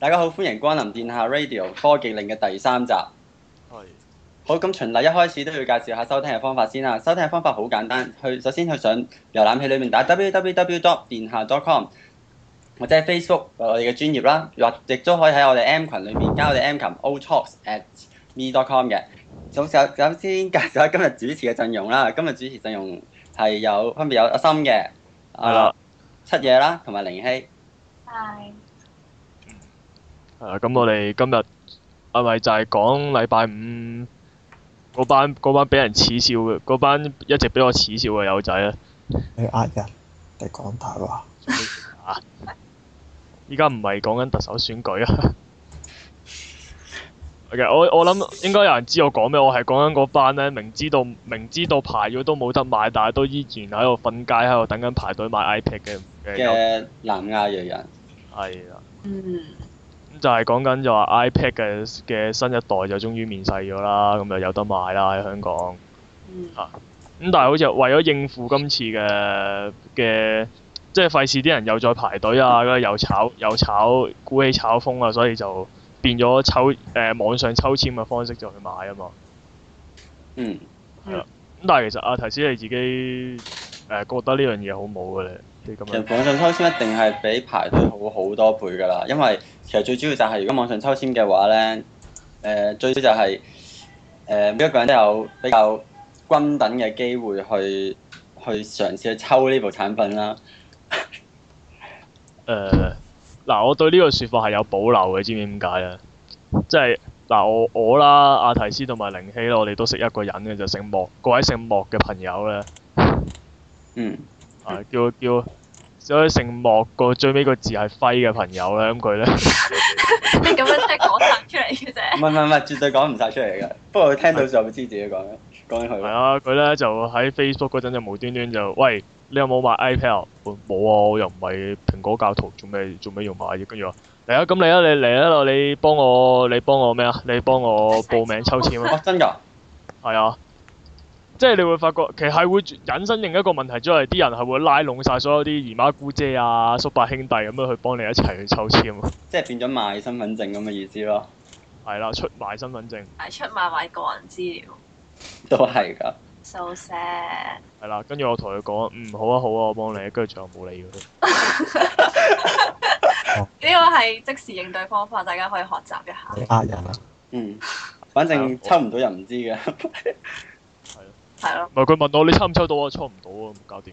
大家好，歡迎光臨電下 Radio 科技令嘅第三集。係的。好，咁循例一開始都要介紹下收聽嘅方法先啦。收聽嘅方法好簡單，去首先去上瀏覽器裏面打 www. d 電下 .com 或者係 Facebook 我哋嘅專頁啦，或亦都可以喺我哋 M 群裏面加我哋 M 群 oldtalks@me.com 嘅。咁首先介紹下今日主持嘅陣容啦。今日主持陣容係有分別有阿森嘅，係七嘢啦，同埋凌希。係。咁我哋今日係咪就係講禮拜五嗰班嗰班俾人恥笑嘅嗰班一直俾我恥笑嘅友仔咧？你呃人，你講大話嚇！依家唔係講緊特首選舉啊！我我諗應該有人知我講咩，我係講緊嗰班呢，明知道明知道排咗都冇得買，但係都依然喺度瞓街，喺度等緊排隊買 iPad 嘅嘅南亞嘅人係啊，就係講緊就話 iPad 嘅嘅新一代就終於面世咗啦，咁就有得買啦喺香港嚇。咁、啊、但係好似為咗應付今次嘅嘅，即係費事啲人又再排隊啊，又炒又炒鼓起炒風啊，所以就變咗抽誒、呃、網上抽籤嘅方式就去買啊嘛。嗯。係啦的。咁、嗯、但係其實啊，頭先你自己誒、呃、覺得呢樣嘢好冇嘅咧，即係咁樣。其實網上抽籤一定係比排隊好好多倍㗎啦，因為。其實最主要就係如果網上抽籤嘅話咧，誒、呃，最主要就係、是、誒、呃、每一個人都有比較均等嘅機會去去嘗試去抽呢部產品啦。誒、 呃，嗱，我對呢個説法係有保留嘅，知唔知點解啊？即係嗱，我我啦，阿提斯同埋靈希啦，我哋、啊、都識一個人嘅，就姓莫。嗰位姓莫嘅朋友咧，嗯，係叫、啊、叫。叫就以剩莫個最尾個字係輝嘅朋友咧，咁佢咧，你咁樣即係講曬出嚟嘅啫。唔係唔係，絕對講唔晒出嚟嘅。不過佢聽到就 會知自己講咩，講緊佢。係啊，佢咧就喺 Facebook 嗰陣就無端端就，喂，你有冇買 iPad？冇、哦、啊，我又唔係蘋果教徒，做咩做咩要買？跟住話嚟啊，咁你啊，你嚟啊，你幫我，你幫我咩啊？你幫我報名抽簽啊！真㗎？係啊。即係你會發覺，其實係會引申另一個問題之，即係啲人係會拉攏晒所有啲姨媽姑姐啊、叔伯兄弟咁樣去幫你一齊去抽籤。即係變咗賣身份證咁嘅意思咯。係啦，出賣身份證。係出賣埋個人資料。都係噶。So sad。係啦，跟住我同佢講，嗯，好啊，好啊，好啊，我幫你。跟住最後冇理佢。呢個係即時應對方法，大家可以學習一下。呃人啊！ 嗯，反正抽唔到人唔知嘅。 係咯，唔係佢問到你抽唔抽到啊？抽唔到啊，唔搞掂。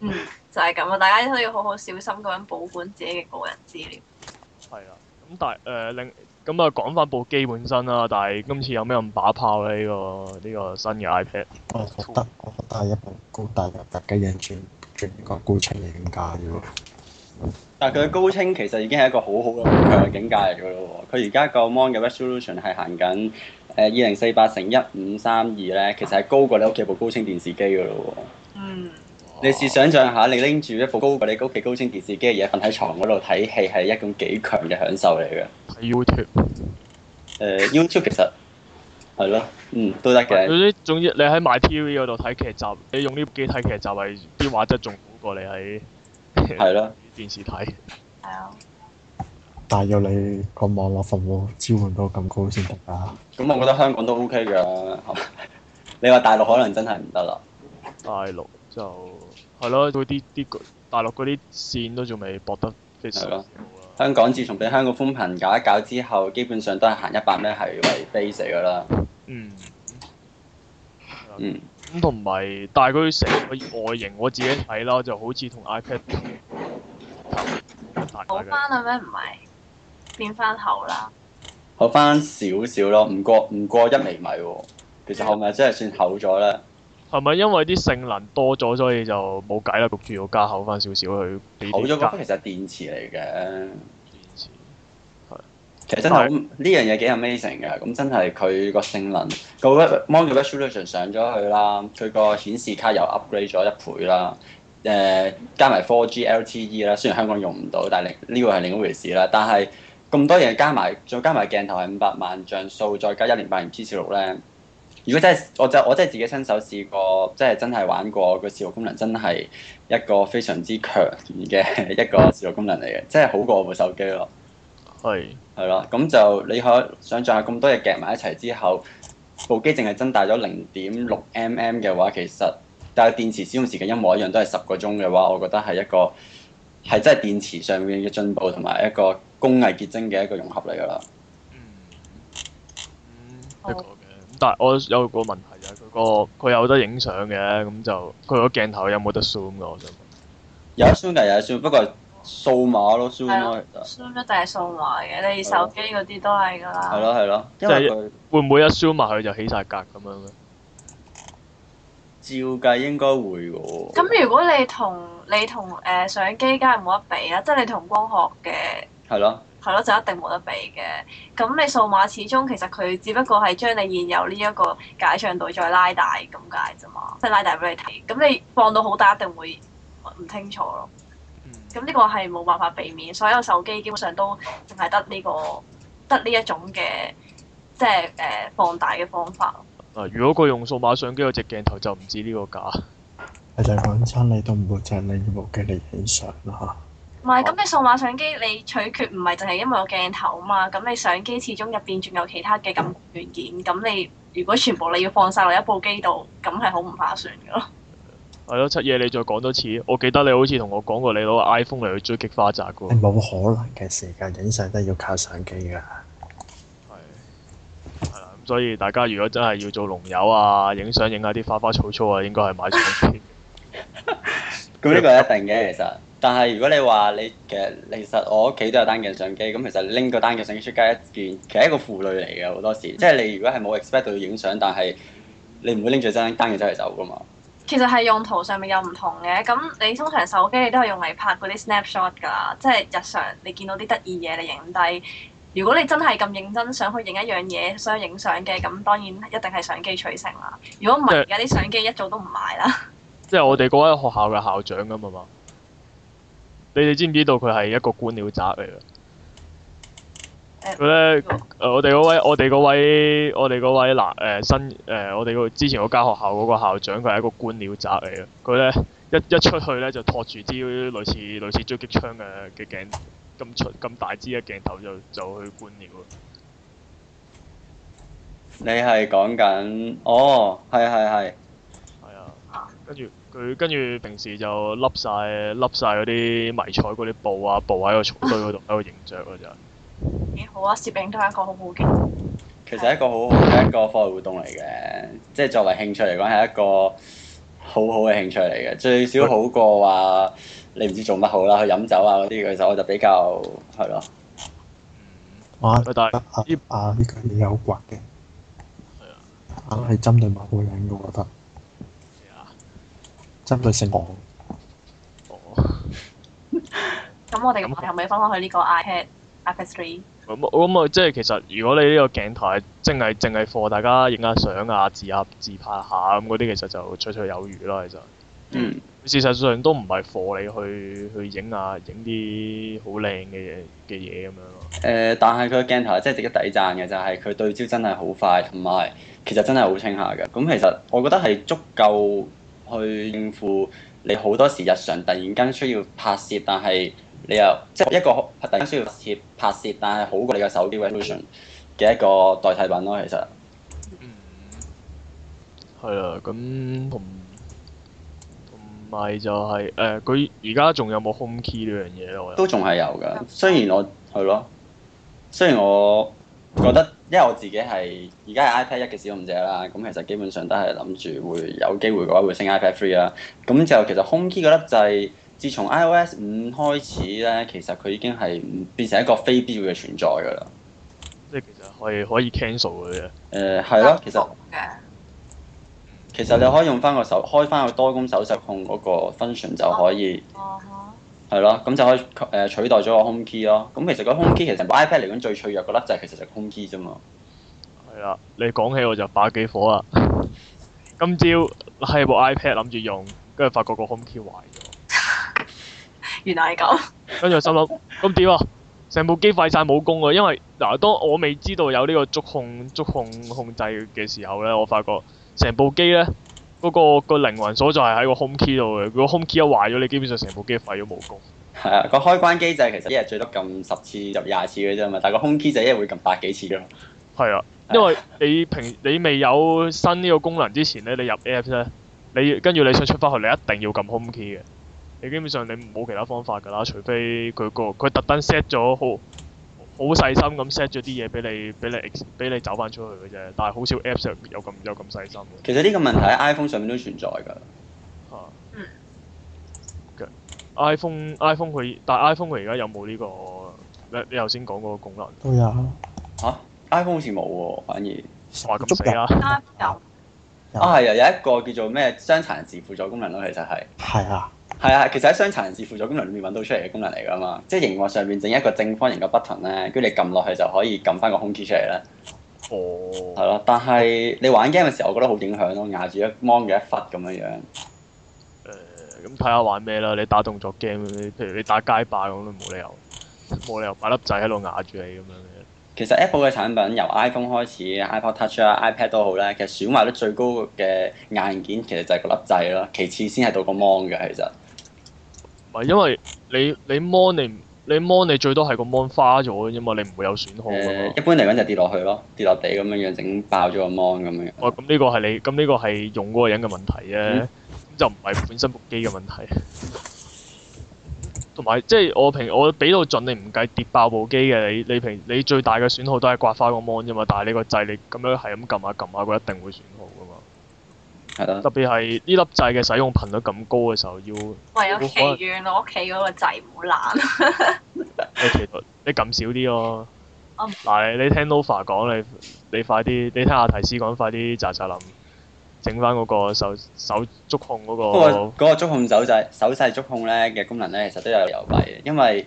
嗯，就係咁啊，大家都要好好小心咁樣保管自己嘅個人資料。係啊，咁、 嗯就是、但係誒令咁啊講翻部機本身啦，但係今次有咩咁把炮咧？呢、呢個呢、呢個新嘅 iPad。我覺得，我覺得一部高大上嘅機型轉轉個高清境界嘅喎。但係佢嘅高清其實已經係一個好好嘅境界嚟嘅咯喎。佢而家個 mon 嘅 resolution 係行緊。誒二零四八乘一五三二咧，32，其實係高過你屋企部高清電視機噶咯喎。嗯。你試想象下，你拎住一部高過你屋企高清電視機嘅嘢瞓喺床嗰度睇戲，係一種幾強嘅享受嚟嘅。睇 YouTube。誒、uh, YouTube 其實係咯。嗯，都得嘅。總之你喺 My TV 嗰度睇劇集，你用呢部機睇劇集係啲畫質仲好過你喺係咯電視睇。係啊。但要你個網絡服務支援到咁高先得啊！咁我覺得香港都 OK 嘅， 你話大陸可能真係唔得啦。大陸就係咯，佢啲啲大陸嗰啲線都仲未駁得幾多了。嗯、香港自從俾香港寬頻搞一搞之後，基本上都係行一百 Mbps 為 base 嘅啦。嗯嗯，咁同埋，但係佢成個外形我自己睇啦，就好似同 iPad 同翻啦？咩唔係？變翻厚啦，厚翻少少咯，唔過唔過一釐米喎。其實係咪真係算厚咗咧？係咪因為啲性能多咗，所以就冇計啦？焗住要加，翻少少加厚翻少少去。厚咗其實係電池嚟嘅。電池係，其實真係呢的樣嘢幾 amazing 嘅。咁真係佢個性能個 monochrome resolution 上咗去啦，佢個顯示卡又 upgrade 咗一倍啦。誒、呃，加埋 4G LTE 啦，雖然香港用唔到，但係呢個係另一回事啦。但係咁多嘢加埋，再加埋鏡頭係五百萬像素，再加 1080p 60咧。如果真係，我就我真係自己親手試過，即係真係玩過個攝錄功能，真係一個非常之強嘅一個攝錄功能嚟嘅，即係好過我部手機咯。係係咯，咁就你可想像下咁多嘢夾埋一齊之後，部機淨係增大咗零點六 mm 嘅話，其實但係電池使用時間一模一樣都係十個鐘嘅話，我覺得係一個係真係電池上面嘅進步同埋一個。工藝結晶嘅一個融合嚟噶啦，嗯，一個嘅。但係我有個問題啊，嗰、嗰個佢有得影相嘅，咁就佢個鏡頭有冇得 zoom 噶？我想問，有 zoom 嘅，有 zoom，不過係數碼咯，zoom 咯，zoom 一定係數碼嘅？你手機嗰啲都係噶啦，係咯係咯。即係會唔會一 show 埋佢就起晒格咁樣咧？照計應該會噶。咁如果你同你同誒、呃、相機，梗係冇得比啦。即係你同光學嘅。係咯，係咯，就一定冇得比嘅。咁你數碼始終其實佢只不過係將你現有呢一個解像度再拉大咁解啫嘛，即係拉大俾你睇。咁你放到好大一定會唔清楚咯。咁呢、嗯、個係冇辦法避免，所有手機基本上都淨係得呢個得呢一種嘅即係誒、呃、放大嘅方法啊，如果佢用數碼相機嗰隻鏡頭，就唔止呢個價。係就講親你都唔會借你部機嚟影相啦唔係，咁、嗯、你數碼相機，你取決唔係淨係因為有鏡頭啊嘛。咁你相機始終入邊仲有其他嘅感光元件。咁你如果全部你要放晒落一部機度，咁係好唔划算噶咯。係咯，七夜，你再講多次。我記得你好似同我講過，你攞 iPhone 嚟去追擊花澤噶。冇可能嘅時間影相都要靠相機㗎。係。係啦，所以大家如果真係要做龍友啊，影相影下啲花花草草啊，應該係買相機。咁呢個一定嘅其實。但係如果你話你其實你其實，我屋企都有單鏡相機，咁其實拎個單鏡相機出街一件，其實係一個負累嚟嘅好多時。即係你如果係冇 expect 到影相，但係你唔會拎住張單鏡，單鏡走嚟走噶嘛。其實係用途上面有唔同嘅。咁你通常手機你都係用嚟拍嗰啲 snapshot 㗎啦，即係日常你見到啲得意嘢你影低。如果你真係咁認真想去影一樣嘢，想影相嘅，咁當然一定係相機取勝啦。如果唔係，而家啲相機一早都唔賣啦。即係我哋嗰位學校嘅校長咁啊嘛。你哋知唔知道佢係一個觀鳥宅嚟嘅？佢咧、欸，誒呢，我哋嗰、呃呃、位，我哋嗰位，我哋嗰位嗱，誒、呃，新，誒、呃，我哋嗰之前嗰間學校嗰個校長，佢係一個觀鳥宅嚟嘅。佢咧一一出去咧，就托住啲類似類似狙擊槍嘅嘅鏡，咁出咁大支嘅鏡頭，頭就就去觀鳥。你係講緊哦，係係係，係啊，跟住。佢跟住平時就笠曬笠曬嗰啲迷彩嗰啲布啊布，喺個草堆嗰度，喺度影相啊就幾好啊！攝影都係一個好好嘅，其實係一個好好嘅一個課外活動嚟嘅，即係作為興趣嚟講係一個好好嘅興趣嚟嘅，最少好過話你唔知做乜好啦，去飲酒啊嗰啲，其實我就比較係咯。哇！佢但係啲啊啲嘢好骨嘅，係啊，硬係針對某個人嘅，我覺得。真係識公諏 我。咁我哋咁後尾翻返去呢個 iPad iPad Three。咁咁啊，即係其實如果你呢個鏡頭係淨係淨係貨，大家影下相啊、自拍自拍下咁嗰啲，其實就綽綽有餘啦。其實，嗯，事實上都唔係貨你去去影啊影啲好靚嘅嘅嘢咁樣咯。誒，但係佢個鏡頭係真係值得抵讚嘅，就係、是、佢對焦真係好快，同埋其實真係好清下嘅。咁其實我覺得係足夠。去應付你好多時日常突然間需要拍攝，但係你又即係、就係、一個突然間需要拍攝，拍攝但係好過你嘅手機、version 嘅一個代替品咯，其實。嗯，係啊，咁同同埋就係、係、誒，佢而家仲有冇 home key 呢樣嘢咯？我都仲係有㗎，雖然我係咯，雖然我覺得，因為我自己係而家係 iPad 一嘅使用者啦，咁其實基本上都係諗住會有機會嘅話會升 iPad 三啦。咁就其實 Home key 嗰粒掣就係、是、自從 iOS 五開始咧，其實佢已經係變成一個非必要嘅存在噶啦。即係其實可以可以 cancel 佢嘅。誒係咯，其實其實你可以用翻個手開翻個多功手勢控嗰個 function 就可以。係咯，咁就可以誒、呃、取代咗個 home key 咯。咁、嗯、其實個 home key 其實部 iPad 嚟講最脆弱嘅粒就係、是、其實就 home key 啫嘛。係啊，你講起我就把幾火啦。 今朝係部 iPad 諗住用，跟住發覺個 home key 壞咗。 原來係咁，跟住我心諗咁點啊？成部機廢晒冇功啊！因為嗱，當我未知道有呢個觸控觸控控制嘅時候咧，我發覺成部機咧。嗰個個靈魂鎖就係喺個 home key 度嘅，如果 home key 一壞咗，你基本上成部機廢咗冇功。係啊，個開關機制其實一日最多撳十次、入廿次嘅啫嘛，但係個 home key 就一日會撳百幾次㗎嘛。係啊，因為你平你未有新呢個功能之前咧，你入 app 咧，你跟住你想出翻去，你一定要撳 home key 嘅，你基本上你冇其他方法㗎啦，除非佢個佢特登 set 咗好。好細心咁 set 咗啲嘢俾你，俾你俾你，你走翻出去嘅啫，但係好少 Apps 上有咁有咁細心。其實呢個問題喺 iPhone 上面都存在㗎。嚇嗯、啊 okay. iPhone iPhone 佢但係 iPhone 佢而家有冇呢、呢個你你頭先講嗰個功能？都有嚇、啊、iPhone 好似冇喎，反而傻咁、啊、死啦。人啊有，有啊係又有一個叫做咩傷殘人士輔助功能咯，其實係係啊。係啊，其實喺傷殘人士輔助功能裏面揾到出嚟嘅功能嚟噶嘛，即係熒幕上面整一個正方形嘅 button 咧，跟住你撳落去就可以撳翻個空鍵出嚟啦。哦。係咯，但係你玩 game 嘅時候，我覺得好影響咯、哦，壓住一芒嘅一忽咁樣樣。誒、呃，咁睇下玩咩啦？你打動作 game，譬如你打街霸咁都冇理由，冇理由擺粒掣喺度壓住你咁樣嘅。其實 Apple 嘅產品由 iPhone 開始 i p o d Touch 啊，iPad 都好咧，其實選賣率最高嘅硬件其實就係個粒掣咯，其次先係到個芒嘅其實。因為你你 mon 你你 mon 你最多係個 mon 花咗啫嘛，因為你唔會有損耗嘛。誒、嗯，一般嚟講就跌落去咯，跌落地咁樣樣整爆咗個 mon 咁樣。哇、哦，咁呢個係你咁呢個係用嗰個人嘅問題啫，咁、嗯、就唔係本身部機嘅問題。同埋即係我平我俾到盡，你唔計跌爆部機嘅，你你平你最大嘅損耗都係刮花個 mon 啫嘛。但係你個掣你咁樣係咁撳下撳下，佢一定會損耗噶嘛。特別係呢粒掣嘅使用頻率咁高嘅時候，要唯有祈願我屋企嗰個掣唔好爛。你其實你撳少啲咯。嗱，你聽 Nova 講，你你快啲，你聽阿提斯講，快啲，咋咋臨整返嗰個手手觸控嗰個。不過嗰個觸控手掣手勢觸控咧嘅功能咧，其實都有優勢嘅，因為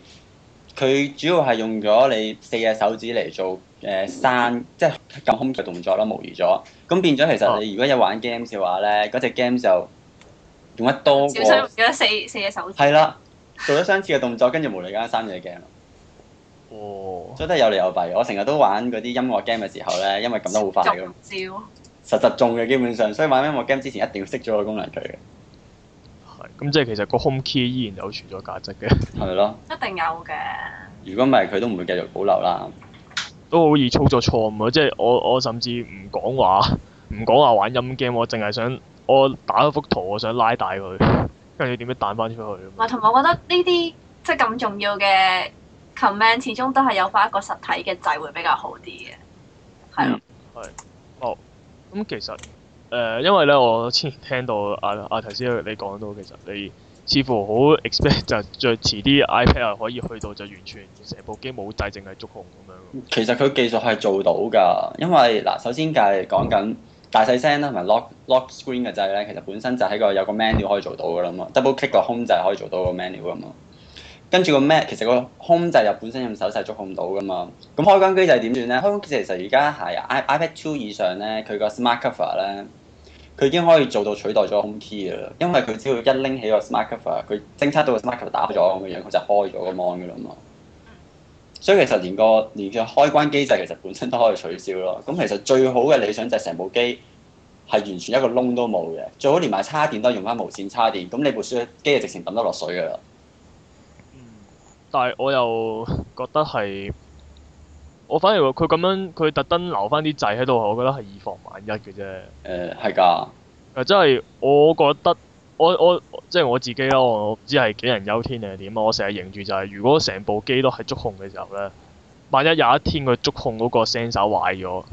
佢主要係用咗你四隻手指嚟做誒、三，即係。撳 home 嘅動作啦，模擬咗，咁變咗其實你如果有玩 game 嘅話咧，嗰隻 game 就用得多個少水，用咗四四隻手指。係啦，做咗相似嘅動作，跟住無理間刪咗隻 game。哦，所以都係有利有弊。我成日都玩嗰啲音樂 game 嘅時候咧，因為撳得好快咁樣。中招。實實中嘅基本上，所以玩音樂 game 之前一定要識咗個功能佢嘅。係，咁即係其實個 home key 依然有存在價值嘅。係咪咯？一定有嘅。如果唔係，佢都唔會繼續保留啦。都好易操作錯誤啊！即係我我甚至唔講話唔講話玩音 game，我淨係想我打一幅圖，我想拉大佢，跟住點樣彈翻出去。同埋、嗯、我覺得呢啲即係咁重要嘅 command，始終都係有翻一個實體嘅掣會比較好啲嘅。係啊，係、嗯、哦。咁、嗯、其實誒、呃，因為咧，我之前聽到阿、啊、阿、啊、頭先你講到，其實你似乎好 expect 就係最遲啲 iPad 可以去到就完全成部機冇掣，淨係觸控。其實佢技術係做到㗎，因為嗱首先梗係講緊大細聲啦，同埋 lock lock screen 嘅掣咧，其實本身就喺個有個 menu 可以做到㗎啦嘛。double click 個 home 掣可以做到個 menu 噶嘛。跟住個 menu 其實個 home 掣又本身用手勢觸控到㗎嘛。咁開關機掣點算咧？開關機其實而家係 iPad 2以上咧，佢個 smart cover 咧，佢已經可以做到取代咗 home key 㗎啦。因為佢只要一拎起個 smart cover，佢偵測到個 smart cover 打開咗咁嘅樣，佢就開咗個 mon 㗎啦嘛。所以其實連個連個開關機制其實本身都可以取消咯。咁其實最好嘅理想就係成部機係完全一個窿都冇嘅。最好連埋叉電都係用翻無線叉電。咁你部書機就直情抌得落水噶啦、嗯。但係我又覺得係，我反而佢咁樣，佢特登留翻啲掣喺度，我覺得係以防萬一嘅啫。誒、呃，係㗎。誒、即係，即係我覺得。我我即係我自己咯，我唔知係杞人憂天定係點啊？我成日凝住就係、是，如果成部機都係觸控嘅時候咧，萬一有一天觸個觸控嗰個 sensor 壞咗，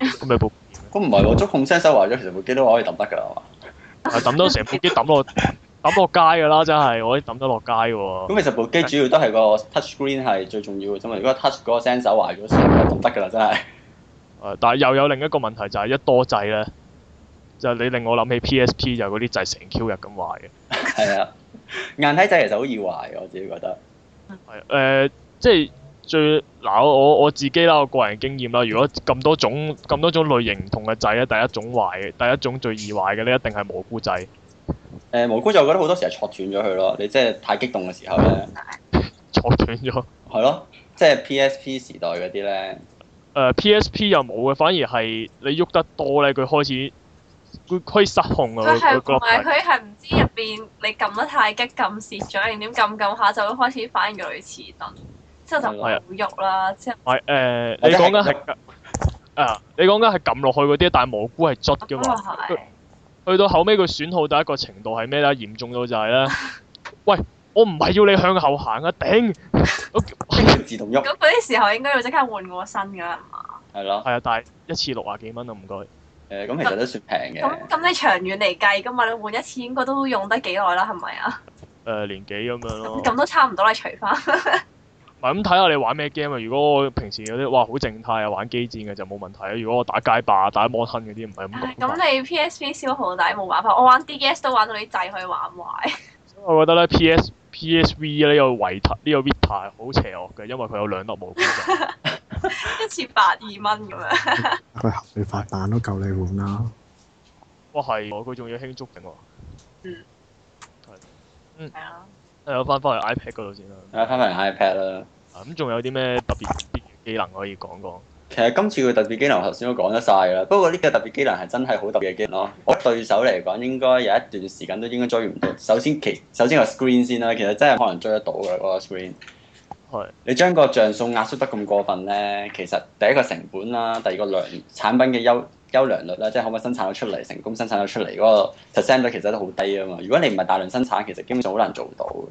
咁咪部？咁唔係，我觸控 sensor 壞咗，其實部機都可以抌得噶啦嘛。啊！抌都成部機抌落抌落街噶啦，真係我啲抌得落街喎。咁其實部機主要都係個 touch screen 係最重要嘅啫嘛。如果 touch 嗰個 sensor 壞咗，就唔得噶啦，真係。誒，但係又有另一個問題就係、是、一多掣咧。就你令我諗起 P.S.P. 就嗰啲掣成 Q 日咁壞嘅，係啊，硬體掣其實好易壞嘅，我自己覺得係誒、 呃，即係最嗱我我自己啦，我個人經驗啦。如果咁多種咁多種類型唔同嘅掣咧，第一種壞嘅，第一種最易壞嘅咧，一定係蘑菇掣。誒、呃、蘑菇掣，我覺得好多時係錯斷咗佢咯。你即係太激動嘅時候咧，錯 斷咗了係咯，即係 P.S.P. 時代嗰啲咧誒 P.S.P. 又冇嘅，反而係你喐得多咧，佢開始。可以失控啊！佢係同埋佢係唔知入邊，你撳得太急撳蝕咗，定點撳撳下就會開始反應越來越遲鈍，之後就唔會喐啦。之後係誒，你講緊係啊！你講緊係撳落去嗰啲，但係蘑菇係捽㗎嘛。去到後尾，佢損耗第一個程度係咩咧？嚴重到就係咧，喂！我唔係要你向後行啊！頂，自動喐。咁嗰啲時候應該要即刻換個身㗎係嘛？係咯。係啊，但係一次六啊幾蚊啊，唔該。誒咁其實都算平嘅。咁咁你長遠嚟計㗎嘛？你換一次應該都用得幾耐啦，係咪啊？誒、呃、年幾咁樣咯。咁都差唔多嚟除翻。唔咁睇下你玩咩 game 啊？如果我平時嗰啲哇好靜態啊，玩機戰嘅就冇問題啊。如果我打街霸、打摩亨嗰啲唔係咁。咁你 PSV 消耗大冇辦法，我玩 DGS 都玩到你掣可以玩壞。我覺得咧 PSPSV 咧呢 PS, PS 個維塔呢個維塔好邪惡嘅，因為佢有兩粒毛。 一次百二蚊咁樣 合，佢盒你塊板都夠你換啦。哇係，佢仲要輕足定喎。嗯。係、嗯。嗯、啊。誒，我翻翻去 iPad 嗰度先啦。誒，翻嚟 iPad 啦。咁仲有啲咩特別技能可以講講？其實今次嘅特別技能，我頭先都講得晒啦。不過呢個特別技能係真係好特別嘅技能咯。我對手嚟講，應該有一段時間都應該追唔到。首先其，其首先個 screen 先啦，其實真係可能追得到嘅嗰、嗰個 screen。你將個像素壓縮得咁過分咧，其實第一個成本啦，第二個良產品嘅優優良率啦，即係可唔可以生產到出嚟，成功生產到出嚟嗰個 percent 率其實都好低啊嘛。如果你唔係大量生產，其實基本上好難做到嘅。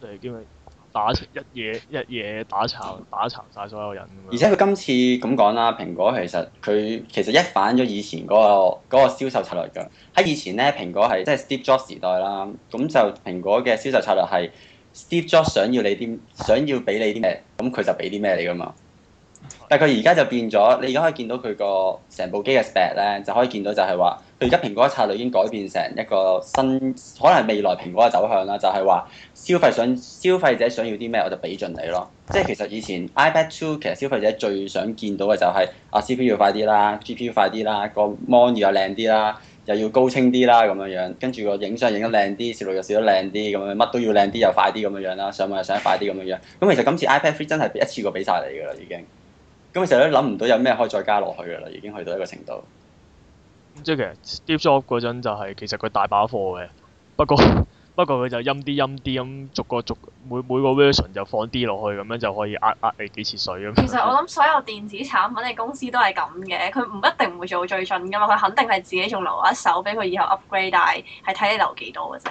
即係叫咩打一嘢，一嘢打殘打殘晒所有人。而且佢今次咁講啦，蘋果其實佢其實一反咗以前嗰個嗰個銷售策略㗎。喺以前咧，蘋果係即係 Steve Jobs 時代啦，咁就蘋果嘅銷售策略係。Steve Jobs 想要你啲，想要俾你啲咩，咁佢就俾啲咩你噶嘛。但係佢而家就變咗，你而家可以見到佢個成部機嘅 spec 咧，就可以見到就係話，佢而家蘋果策略已經改變成一個新，可能係未來蘋果嘅走向啦，就係話消費想消費者想要啲咩，我就俾盡你咯。即係其實以前 iPad 2，其實消費者最想見到嘅就係啊 CPU 要快啲啦，GPU 快啲啦，個 mon 要又靚啲啦，又要高清啲啦，咁樣樣，跟住個影相影得靚啲，攝錄又攝得靚啲，咁樣乜都要靚啲，又快啲咁樣樣啦，上網又上得快啲咁樣樣。咁其實今次 iPad Three 真係一次過俾曬你噶啦，已經。咁其實都諗唔到有咩可以再加落去噶啦，已經去到一個程度。咁即係其實 Steve Jobs 嗰陣就係其實佢大把貨嘅，不過。 不過佢就陰啲陰啲咁，逐個逐個每每個 version 就放啲落去，咁樣就可以壓壓你幾次水咁。其實我諗所有電子產品嘅公司都係咁嘅，佢唔一定唔會做最新噶嘛，佢肯定係自己仲留一手俾佢以後 upgrade，但係係睇你留幾多嘅啫。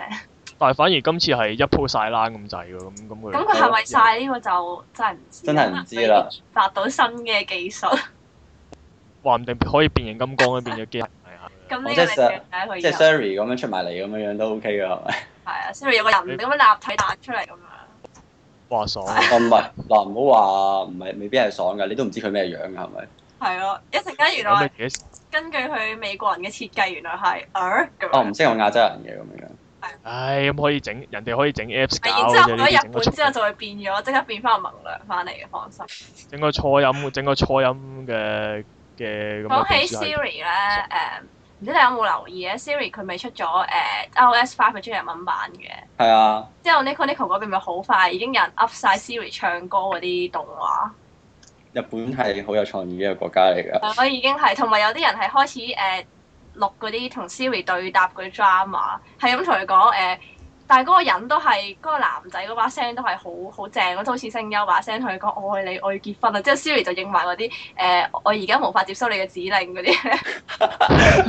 但係反而今次係一鋪晒冷咁滯喎，咁咁佢。咁佢係咪晒呢個就真係唔知真係唔知啦。可能可以發到新嘅技術。話唔 定可以變形金剛入咗嘅機 咁呢啲你睇即係 Siri 咁樣出埋嚟咁樣樣都 OK 嘅，係咪？係啊，Siri 有個人咁樣立體彈出嚟咁樣。哇爽！我唔係話唔好話，唔係未必係爽嘅，你都唔知佢咩樣嘅，係咪？係咯，一陣間原來根據佢美國人嘅設計，原來係哦，唔識用亞洲人嘅咁樣。係，唉，咁可以整人哋可以整 Apps 搞之後喺日本之後就會變咗，即刻變翻個能量翻嚟嘅方式。整個初音，整個初音嘅嘅咁。講起 Siri 咧，誒。唔知你有冇留意啊 Siri 佢咪出咗誒 iOS 五嘅中日文版嘅，係啊，之後 NicoNico 嗰邊咪好快已經有人 up 晒 Siri 唱歌嗰啲動畫，日本係好有創意嘅國家嚟噶。我、嗯、已經係同埋有啲人係開始誒錄、uh, 嗰啲同 Siri 對答嗰啲 drama，係咁同佢講誒。Uh, 但係嗰個人都係嗰個男仔嗰把聲都係好好正，好似聲優把聲同佢講我愛你，我要結婚啦。之後 Siri 就應埋嗰啲誒，我而家無法接收你嘅指令嗰啲。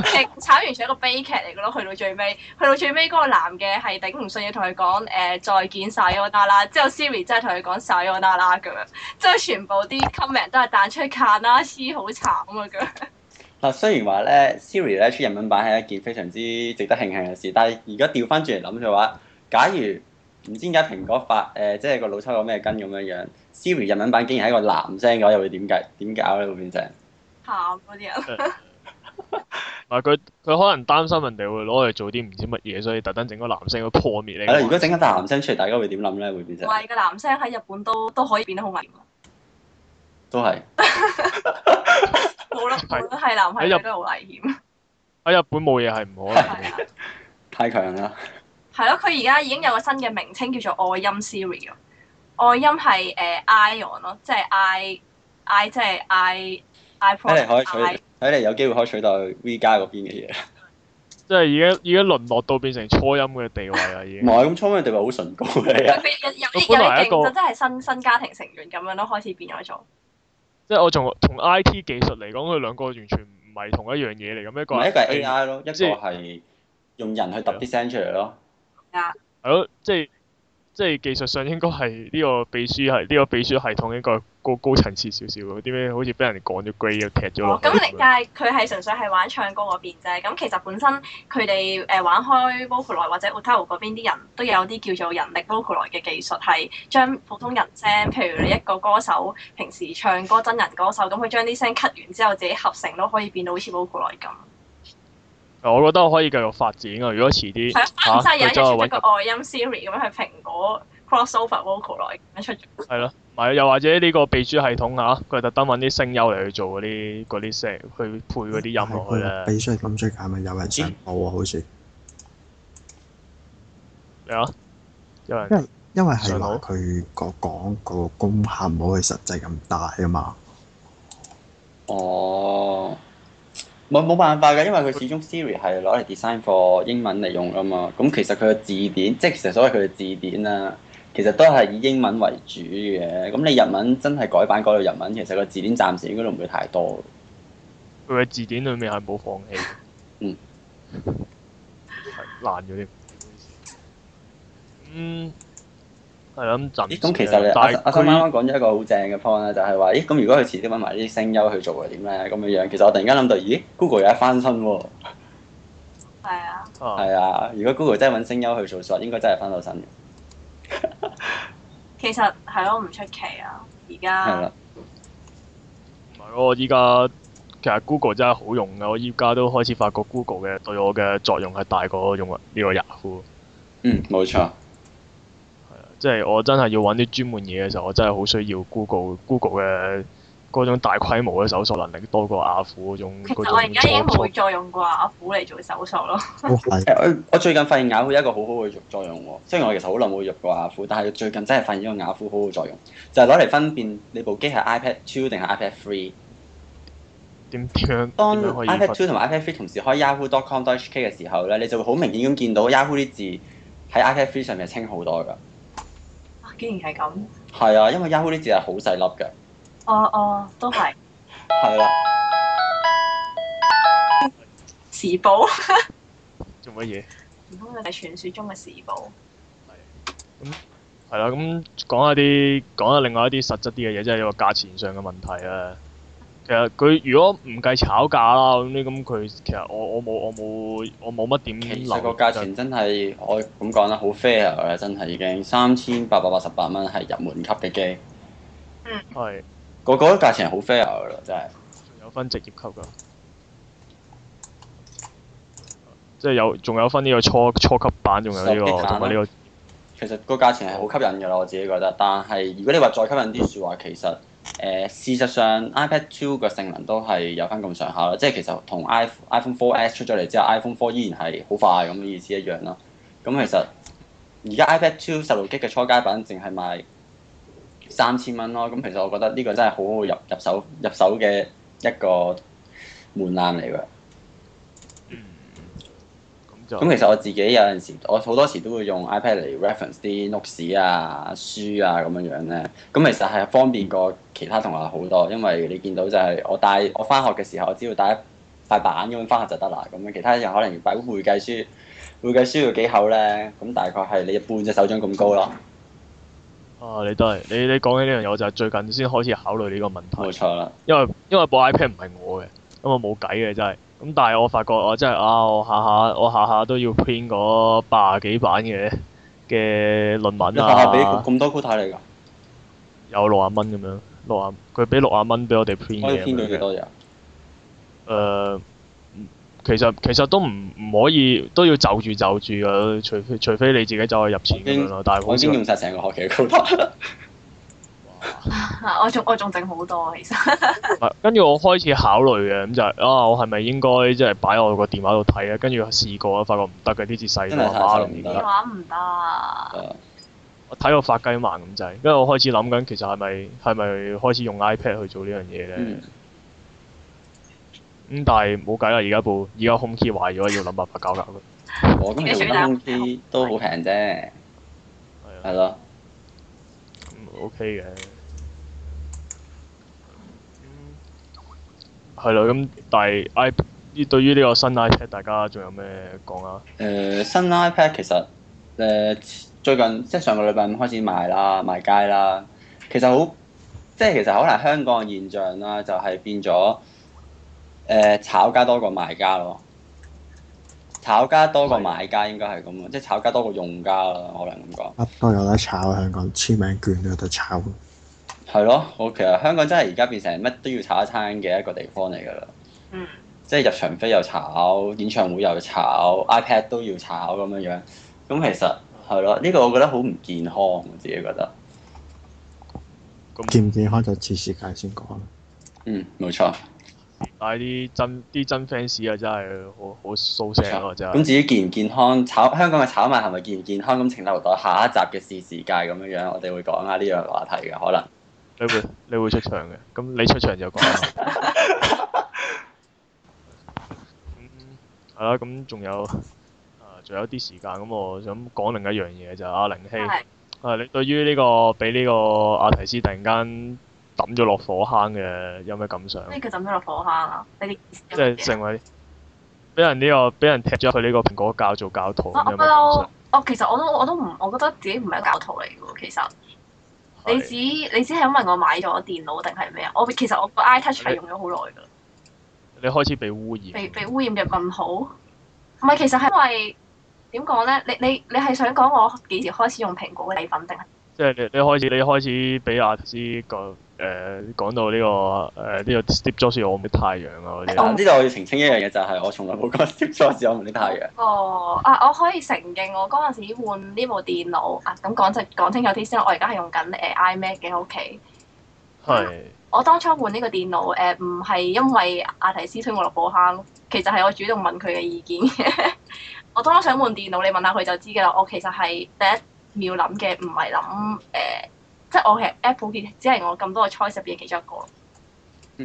其實炒完全係一個悲劇嚟嘅咯，去到最尾，去到最尾嗰個男嘅係頂唔順要同佢講，誒再見曬啦啦，之後 Siri 真係同佢講曬啦啦咁樣，即係全部啲 comment 都係彈出 c a 啦，Siri 好慘啊咁樣。嗱，雖然話咧 Siri 咧出日文版係一件非常之值得慶幸嘅事，但係而家調翻轉嚟諗嘅話，假如唔知點解蘋果發誒、呃，即係個老抽有咩根咁樣樣？Siri 日文版竟然係一個男聲嘅話，又會點解？點搞咧？會變成慚嗰啲人。唔係佢，佢可能擔心人哋會攞嚟做啲唔知乜嘢，所以特登整個男聲去破滅你。係如果整個大男聲出嚟，大家會點諗咧？會變成唔係個男聲喺日本都都可以變得好危險。都係是。冇啦，係係男喺日本都好危險。喺日本冇嘢係唔可能。 太強啦～係咯，佢而家已經有個新嘅名稱叫做愛音 s、呃、i r i e s 愛音係誒 Ion 咯，即係 i i 即係 i iPhone。睇嚟可以取，睇嚟 I on. 有機會可以取代 V 家嗰邊嘅嘢。即係已經已經淪落到變成初音嘅地位啦，已經。唔係咁初音嘅地位好崇高嘅。佢、啊、 本身係一個真係新新家庭成員咁樣咯，開始變咗做。即係我從同 I T 技術嚟講，佢兩個完全唔係同一樣嘢嚟咁一個。係一個係 AI 咯，一個係用人去揼啲聲出嚟咯。係咯、嗯嗯，即係即係技術上應該係呢個秘書係呢、這個秘書系統應該高高層次少少，啲咩好似俾人降咗 grade 咗踢咗。咁但係，佢係像、哦、純粹係玩唱歌嗰邊啫。咁其實本身佢哋誒玩開 vocaloid 或者 UTAU 嗰邊啲人都有啲叫做人力 vocaloid 嘅技術，係將普通人聲，譬如你一個歌手平時唱歌真人歌手，咁佢將啲聲 cut 完之後自己合成都可以變到好似 vocaloid 咁。我覺得我可以繼續發展啊。如果遲啲，就揾個外音、啊、Siri 咁樣去蘋果 crossover vocal 來咁樣出。係咯，咪又或者呢個秘書系統啊？佢特登揾啲聲優嚟去做嗰啲嗰啲聲，去配嗰啲音樂啦。秘書咁出界咪、嗯、有人想冇啊？好似，有啊，因為因為係話佢個講、嗰個功效唔好，係實際咁大啊嘛。哦、嗯。冇冇辦法㗎，因為佢始終 Siri 係攞嚟 design for 英文嚟用㗎嘛。咁其實佢個字典，即係其實所謂佢個字典啊，其實都係以英文為主嘅。咁你日文真係改版改到日文，其實個字典暫時應該都唔會太多。佢個字典裏面係冇放棄 嗯，嗯，係爛咗添，嗯。係咁震。咦？咁、欸、其實規阿阿生啱啱講咗一個好正嘅 point 咧，就係、是、話，咦、欸？咁如果佢遲啲揾埋啲聲優去做又點咧？咁樣樣，其實我突然間諗到，咦？Google 有一翻身喎。係啊。係啊，如果 Google 真係揾聲優去做嘅話，應該真係翻到身嘅。 其實係咯，唔出奇啊！而家。係啦的。唔係我依家，其實 Google 真係好用㗎。我依家都開始發覺 Google 嘅對我嘅作用係大過用呢個 Yahoo。嗯，冇錯。即係我真係要揾啲專門嘢嘅時候，我真係好需要 Go ogle, Google。Google 嘅嗰種大規模嘅搜索能力多過雅虎嗰種。其實我而家已經唔會用啩阿虎嚟做搜索咯、哦。 我最近發現雅虎一個好好嘅作用喎，雖然我其實好耐冇用過雅虎，但係最近真係發現呢個雅虎好好作用，就係攞嚟分辨你部機係 iPad Two 定係 iPad Three。點搶？當 iPad Two 同埋 iPad Three 同時開 Yahoo.com.hk 嘅時候咧，你就會好明顯咁見到 Yahoo 啲字喺 iPad Three 上面清好多㗎。竟然係咁，係啊，因為 Yahoo 啲字係好細粒嘅。哦哦，都係。係啦 、啊。時報做乜嘢？唔通佢係傳説中嘅時報。係。 咁係啦，咁、 啊嗯啊嗯、講下啲講下另外一啲實質啲嘅嘢，即係一個價錢上嘅問題啊。其實佢如果唔計炒價啦，咁你咁佢其實我我冇我冇我冇乜點諗。其實個價錢真係 我咁講啦，好 fair 咧，真係已經三千八百八十八蚊係入門級嘅機。嗯，係 。個個價錢係好 fair 噶啦，真係。 有分職業級噶。即係 有，仲有分呢個初初級版，仲有呢、這個同埋呢個 其實個價錢係好吸引噶啦，我自己覺得。但係如果你話再吸引啲說話，其實。呃，事實上 iPad 2嘅性能都係有翻咁上下啦，即係其實同 i iPhone 4S 出咗嚟之後，iPhone 4依然係好快咁嘅意思一樣啦。咁其實而家 iPad 2十六 G 嘅初階版淨係賣三千蚊咯，咁其實我覺得呢個真係好好入入手入手嘅一個門檻嚟嘅。咁、嗯、其實我自己有陣時，我好多時都會用 iPad 嚟 reference 啲 notes 啊、書啊咁樣樣咧。咁其實係方便過其他同學好多，因為你見到就係我帶我翻學嘅時候，我只要帶一塊板咁樣翻學就得啦。咁樣其他人可能要擺本會計書，會計書要幾厚咧？咁大概係你一半隻手掌咁高咯。啊，你都係你你講緊呢樣嘢，我就最近先開始考慮呢個問題。冇錯啦，因為因為部 iPad 唔係我嘅，咁啊冇計嘅真係。咁但係我發覺我真係啊，我下下我下下都要 print 嗰八啊幾版嘅嘅論文啊，咁多 quota 嚟㗎？有六啊蚊咁樣，六啊，佢俾六啊蚊俾我哋 print 嘅。可以編到幾多嘢？誒、呃，其實其實都唔唔可以，都要就住就住嘅，除非除非你自己走去入錢咁樣咯。我先是用晒成個學期 quota。 我仲我仲整好多，其實、啊。跟住我開始考慮嘅，咁就係啊，我係咪應該即係擺我個電話度睇啊？跟住試過，啊，發覺唔得嘅，啲字細到巴龍。電話唔得。啊，我睇、就是、我發雞盲咁滯，跟住 我，我開始諗緊，其實係咪係咪開始用 iPad 去做呢樣嘢咧？咁、嗯嗯、但係冇計啦，而家部而家 home key 壞咗，要諗辦法搞搞、嗯。我諗下空 key 都好平啫，係咯，OK 嘅。係啦，咁第 i p a 對於呢個新 iPad，大家仲有咩講啊？誒，新 iPad 其實誒、呃、最近即係上個禮拜五開始賣啦，賣街啦，其實好即係其實可能香港嘅現象啦，就係變咗誒炒家多過賣家咯。炒家多過買家應該係咁的即係炒家多過用家咯，可能咁講。都有得炒喎，香港簽名券都有得炒。係咯，我其實香港真係而家變成乜都要炒一餐嘅一個地方嚟㗎啦。嗯。即係入場飛又炒，演唱會又炒，iPad 都要炒咁樣樣。咁其實係咯，呢個我覺得好唔健康，我自己覺得。健唔健康就次時事界先講。嗯，冇錯。但啲真啲真 fans 啊，真係好好收聲啊！真咁至於健唔健康炒香港嘅炒賣係咪健唔健康？咁請留待下，下一集嘅時事界咁樣樣，我哋會講下呢樣話題嘅可能。你會你會出場嘅，咁你出場就講啦。咁係啦，咁仲有啊，仲、呃、有啲時間，咁我想講另一樣嘢就阿玲希啊，你對於呢個俾呢個阿提斯突然間抌咗落火坑嘅有咩感想？即係佢抌咗落火坑啦，啊，你嘅意思即係成為俾人呢個俾人踢咗去呢個蘋果教做教徒。不啊，我，我，我，我，我，我其實我都我都唔，我覺得自己唔係一個教徒嚟嘅喎，其實。你指，你指係因為我買咗電腦定係咩啊？我其實，我個 iTouch 係用咗好耐噶啦。你開始被污染。被被污染嘅問號？唔係，其實係因為點講咧？你你你係想講我幾時開始用蘋果嘅禮品定係？即係你開始，你開始俾阿子個。誒，講到呢、這個誒呢、呃這個 Steve Jobs 換的太陽啊，我唔知、嗯、但呢度我要澄清一樣嘢就係我從來冇講 Steve Jobs 換的太陽。哦，啊，我可以承認我嗰陣時換呢部電腦啊，咁講講清楚啲先啦。我而、uh, 家係用緊誒 iMac 嘅屋企。係是。Uh, 我當初換呢個電腦誒，唔、uh, 係因為阿提斯推我落火坑，其實係我主動問佢嘅意見。 我當初想換電腦，你問下佢就知噶啦。我其實係第一秒諗嘅，唔係諗誒。Uh, 即係我其實 Apple 機只係我咁多個 choice 入面嘅其中一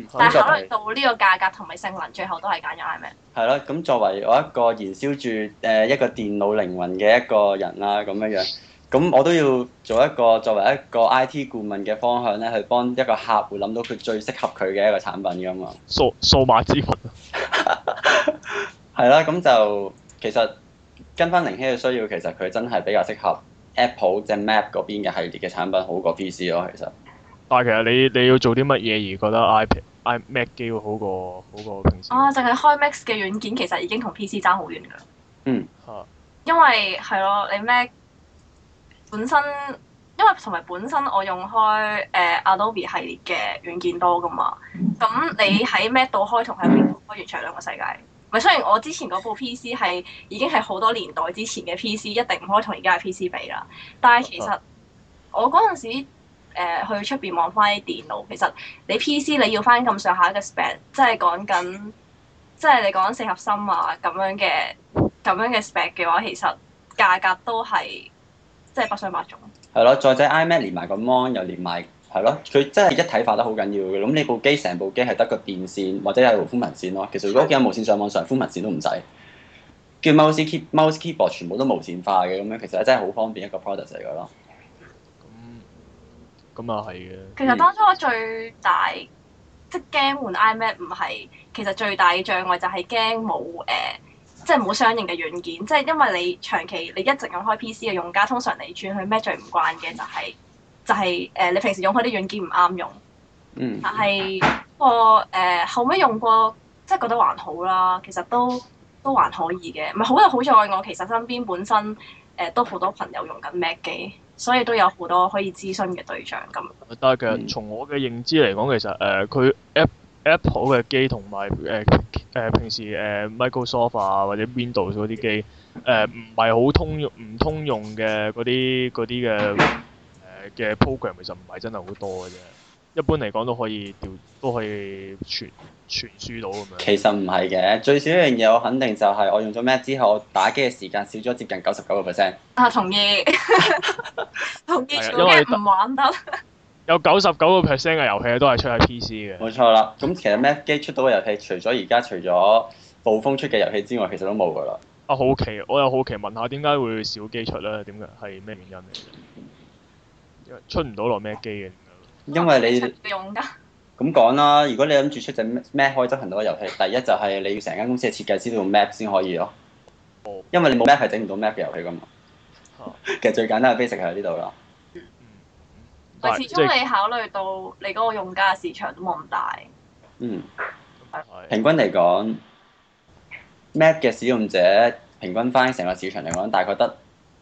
個，但係考慮到呢個價格同埋性能，最後都係揀咗 iMac。係咯，咁作為我一個燃燒住誒一個電腦靈魂嘅一個人啦，咁樣樣，咁我都要做一個作為一個 IT 顧問嘅方向咧，去幫一個客戶諗到佢最適合佢嘅一個產品㗎嘛。掃掃碼支付，係啦，咁就其實跟翻靈希嘅需要，其實佢真係比較適合。Apple 即係 Mac 嗰邊嘅系列嘅產品好過 PC 咯，哦，其實。但係其實你你要做啲乜嘢而覺得 iPad、iMac 機會好過好過平時？啊，淨、就、係、是、開 Mac 嘅軟件其實已經同 PC 爭好遠㗎。嗯。啊、因為係咯，你 Mac 本身，因為同埋本身我用開誒 Adobe 系列嘅軟件多㗎嘛，咁你喺 Mac 開度開同喺 Windows 開完全係兩個世界。咪係，雖然我之前嗰部 PC 係已經係好多年代之前嘅 PC，一定唔可以同而家嘅 PC 比啦。但係其實我嗰陣時、呃、去出邊望翻啲電腦，其實你 PC 你要翻咁上下一個 spec，即係講緊即係你講四核心啊咁樣嘅咁樣嘅 spec 嘅話，其實價格都係即係百上百種。係咯，再者 iMac 連埋個 mon 又連埋。係咯，佢真係一體化得好緊要嘅。咁你部機成部機係得個電線或者係寬頻線咯。其實如果有無線上網上，上寬頻線都唔使。叫 mouse key mouse keyboard 全部都無線化嘅，咁樣其實真係好方便一個 product 嚟嘅咯。咁咁啊係嘅。其實當初我最大即係驚換 iMac 唔係，其實最大嘅障礙就係驚冇誒，即係冇相應嘅軟件。即係因為你長期你一直用開 PC 嘅用家，通常你轉去 Mac 最唔慣嘅就係、是。就係、是、誒、呃，你平時用開啲軟件唔啱用，嗯，但係個誒後尾用過，即係覺得還好啦。其實都都還可以嘅。唔係，好在好在我其實身邊本身誒、呃、都好多朋友用緊 Mac 機，所以都有好多可以諮詢嘅對象咁。但係其實從我嘅認知嚟講，其實誒佢、呃、Apple 嘅機同埋誒誒平時誒 Microsoft 啊或者 Windows 嗰啲機誒唔係好通用唔通用嘅嗰啲啲嘅。嘅 program 其實唔係真係好多嘅啫，一般嚟講都可以調都可以傳傳輸到咁樣。其實唔係嘅，最少一樣嘢我肯定就係我用咗 Mac 之後，打機嘅時間少咗接近九十九個 percent。啊，同意， 同意，因為唔玩得有。有九十九個 percent 嘅遊戲都係出喺 PC 嘅。冇錯啦，咁其實 Mac 機出到嘅遊戲，除咗而家除咗暴風出嘅遊戲之外，其實都冇噶啦。啊，好奇，我有好奇問下，點解會少機出咧？點解係咩原因嚟？嘅？出唔到落咩機嘅？因為你用家咁講啦，如果你諗住出隻咩可以執行到嘅遊戲，第一就係你要成間公司嘅設計師用 map 先可以咯。冇，因為你冇 map 係整唔到 map 嘅遊戲噶嘛。其實最簡單嘅 basic 係喺呢度咯。但始終你考慮到你嗰個用家市場都冇咁大。嗯。平均嚟講，map 嘅使用者平均翻成個市場嚟講大概得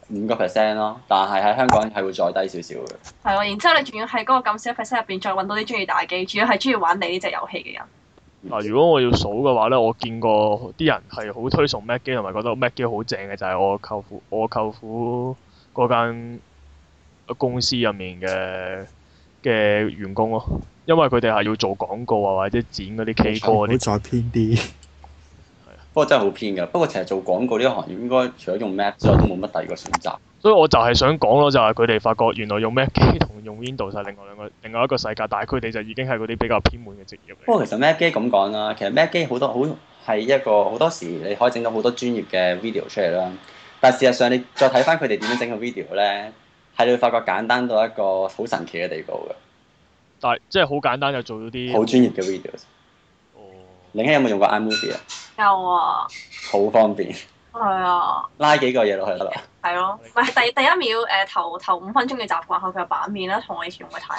五個 percent 咯，但係喺香港係會再低少少嘅。係咯，然之後你仲要喺嗰個咁少 percent 入邊再揾到啲中意打機，主要係中意玩你呢隻遊戲嘅人。嗱，如果我要數嘅話呢，我見過啲人係好推崇 Mac 機同埋覺得 Mac 機好正嘅，就係、係、我舅父我舅父嗰間公司入面嘅嘅員工咯，因為佢哋係要做廣告啊或者剪嗰啲 K 歌嗰啲。再偏啲。 不過真係好偏㗎。不過其實做廣告呢個行業應該除咗用 Mac 之外，都冇乜第二個選擇。所以我就係想講咯，就係佢哋發覺原來用 Mac 機同用 Window 就係另外兩個、另外一個世界，但係佢哋就已經係嗰啲比較偏門嘅職業。不過其實 Mac 機咁講啦，其實 Mac 機好多好係一個好多時你可以整到好多專業嘅 video 出嚟啦。但事實上你再睇翻佢哋點樣整個 video 咧，係你會發覺簡單到一個好神奇嘅地步㗎。但係即係好簡單就做咗啲好專業嘅 video。你啱有冇用過 iMovie 啊？有啊，好方便。係啊，拉幾個嘢落去得啦。係咯，唔係、啊、第第一秒誒、呃、頭頭五分鐘嘅習慣後，佢嘅版面啦，同我以前用嘅太。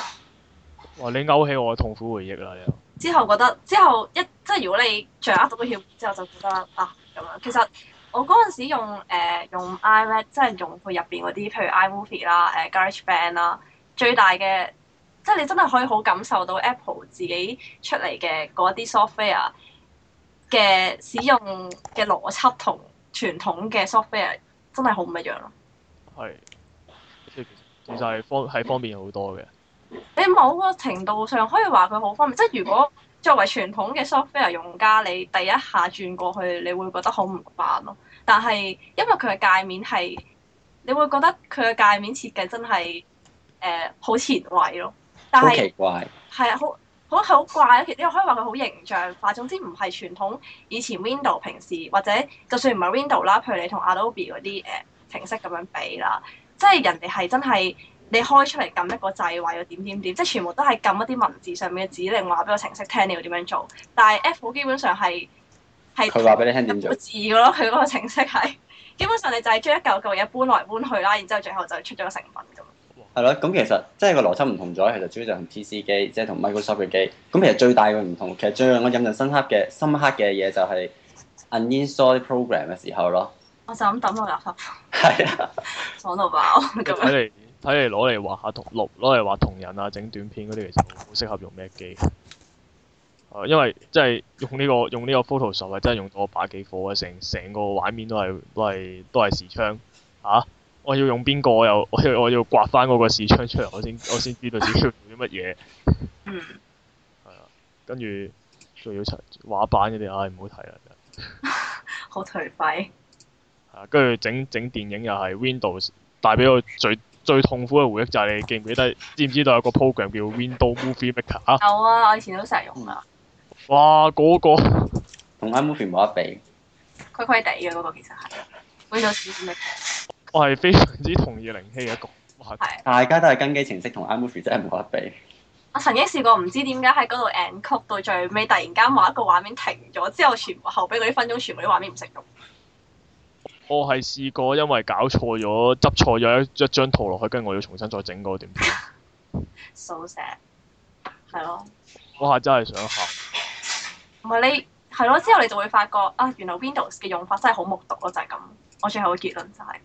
哇！你勾起我嘅痛苦回憶啦！之後覺得之後一即係如果你掌握到個竅，之後就覺得啊咁樣。其實我嗰陣時用誒、呃、用 iMac，即係用佢入邊嗰啲，譬如 iMovie 啦、誒 GarageBand 啦，Garage and, 最大嘅即係你真係可以好感受到 Apple 自己出嚟嘅嗰啲 software。嘅使用嘅邏輯同傳統嘅 software 真係好唔一樣咯。係，其實係方係方便好多嘅。你某個程度上可以話佢好方便，即係如果作為傳統嘅 software 用家，你第一下轉過去，你會覺得好唔慣咯。但係因為佢嘅界面係，你會覺得佢嘅界面設計真係誒好前衞咯。但係奇怪，係啊，好。好，好怪咯！其實你可以話佢好形象化，總之唔係傳統以前 Window 平時，或者就算唔係 Window 啦，譬如你同 Adobe 嗰啲誒、呃、程式咁樣比啦，即係人哋係真係你開出嚟撳一個掣或者點點點，即係全部都係撳一啲文字上面嘅指令，話俾個程式聽你要點樣做。但係 Apple 基本上係係佢話俾你聽點做字嘅咯，佢嗰個程式係基本上你就係將一嚿嚿嘢搬來搬去啦，然之後最後就出咗個成品咁。係咯，咁、嗯、其實即係個邏輯唔同咗，其實主要就係 PC 機，即係同 Microsoft 嘅機。咁其實最大嘅唔同，其實最令我印象深刻嘅深刻嘅嘢就係 uninstall program 嘅時候咯。我就咁抌落垃圾。係啊。爽到爆。睇嚟睇嚟攞嚟畫下圖錄咯，攞嚟畫同人啊整短片嗰啲，其實好適合用 Mac 機，啊。因為即係用呢、這個用呢個 Photoshop 係真係用到我把幾火啊，成成個畫面都係都係都係視窗嚇。啊。我要用邊個？我又我要我要刮翻嗰個視窗出嚟，我先我先知道自己要做啲乜嘢。嗯。係啊，跟住仲要畫板嗰啲，唉、哎、唔 好睇啦便，好頹廢。跟住整整電影又係 Windows 帶俾我最最痛苦嘅回憶就係你記唔記得？知唔知道有個 program 叫 Window Movie Maker 啊？有啊，我以前都成日用啊。哇！嗰、那個同埋 Movie 冇得比。規規哋嘅嗰個其實係 Windows 先係。我係非常之同意凌熙嘅一個，大家的、啊、都係跟機程式同 iMovie 真係冇得比。我曾經試過唔知點解喺嗰度 end 曲到最尾，突然間某一個畫面停咗之後，全後，全部後邊嗰啲分鐘全部啲畫面唔識用。我係試過，因為搞錯咗執錯咗一,一張圖落去，跟住我要重新再整嗰個點。So sad，係咯，我係真係想喊。唔係你係咯，之後你就會發覺啊，原來 Windows 嘅用法真係好木獨咯，就係、是、咁。我最後嘅結論就係、是就是。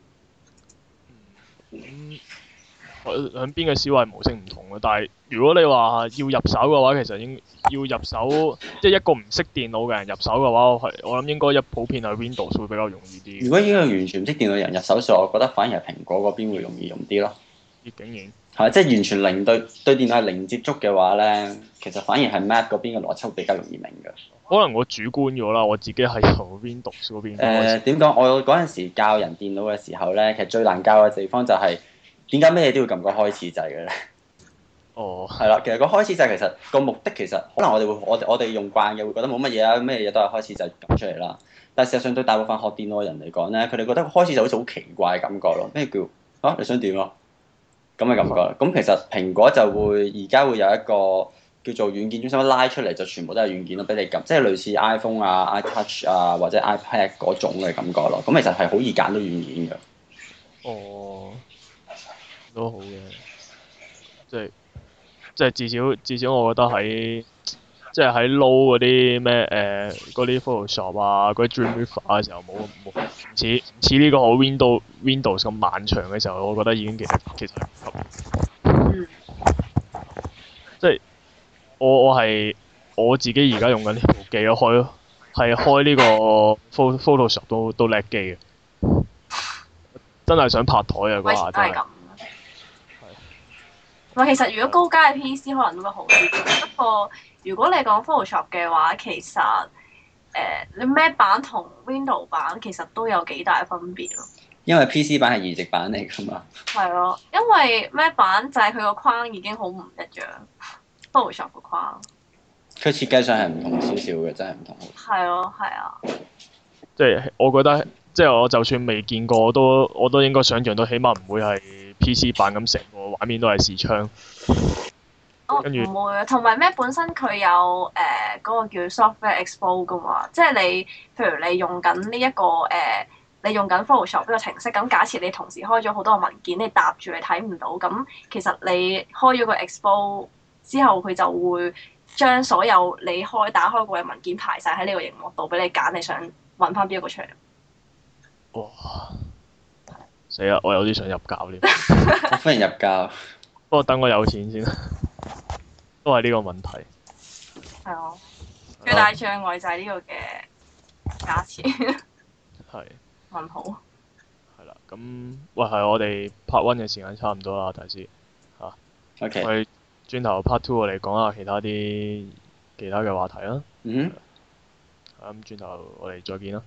嗯、兩邊嘅思維模式唔同嘅，但係如果你話要入手嘅話，其實應要入手，即係一個唔識電腦嘅人入手嘅話，係我諗應該一普遍係 Windows 會比較容易啲。如果依個完全唔識電腦嘅人入手嘅話，我覺得反而係蘋果嗰邊會容易用啲咯。呢竟。年。係、嗯、即係完全零對對電腦係零接觸嘅話咧，其實反而係 Mac 嗰邊嘅邏輯比較容易明嘅。可能我主觀咗啦，我自己係嗰邊讀書嗰邊。誒點講？我嗰陣時教人電腦嘅時候咧，其實最難教嘅地方就係點解咩嘢都要撳個開始掣嘅咧？哦，係啦，其實個開始掣其實個目的其實可能我哋會我我哋用慣嘅會覺得冇乜嘢啊，咩嘢都係開始就撳出嚟啦。但係事實上對大部分學電腦嘅人嚟講咧，佢哋覺得開始就好似好奇怪嘅感覺咯。咩叫啊？你想點啊？咁咪咁講啦，咁其實蘋果就會而家會有一個叫做軟件中心拉出嚟，就全部都係軟件咯，俾你撳，即係類似 iPhone 啊、iTouch 啊或者 iPad 嗰種嘅感覺咯。咁其實係好易揀到軟件嘅。哦，都好嘅，即係即係至少至少，至少我覺得喺。即係喺撈嗰啲咩誒，嗰、呃、啲 Photoshop 啊，嗰啲 Dreamweaver 嘅時候，冇冇似似呢個好 Window Windows 咁漫長嘅時候，我覺得已經其實其實唔及、嗯。即係我我係我自己而家用緊呢部機開咯，係開呢個 Photoshop 都都叻機嘅，真係想拍台啊嗰下真係。咪、啊、是其實如果高階嘅 PC 可能都會好啲，不過。如果你講 Photoshop 嘅話，其實誒、呃、你 Mac 版同 Window 版其實都有幾大分別咯。因為 PC 版係移植版嚟㗎嘛。係咯， 因為 Mac 版就係佢個框已經好唔一樣，Photoshop 個框。佢設計上係唔同少少嘅，真係唔同。係咯，係啊。即係我覺得，即係我就算未見過，我都我都應該想像到，起碼唔會係 PC 版咁成個畫面都係視窗。哦，唔、oh, 跟著 會、啊，同埋咩本身佢有誒嗰、呃那個叫 software expo 噶嘛，即係你，譬如你用緊呢一個誒、呃，你用緊 Photoshop 呢個程式，咁假設你同時開咗好多個文件，你搭住你睇唔到，咁其實你開咗個 expo 之後，佢就會將所有你開打開過嘅文件排晒喺呢個熒幕度俾你揀，你想揾翻邊一個出嚟。哇！死啦！我有啲想入教添，歡迎 入教。不過等我有錢先。都係呢個問題。係啊，最大障礙就係呢個嘅價錢。係。問好，係啦，咁喂，係我哋 part one 嘅時間差唔多啦，大師。吓，OK。我哋轉頭 part two 嚟講下其他啲其他嘅話題啦，mm hmm.。嗯。咁，轉頭我哋再見啦。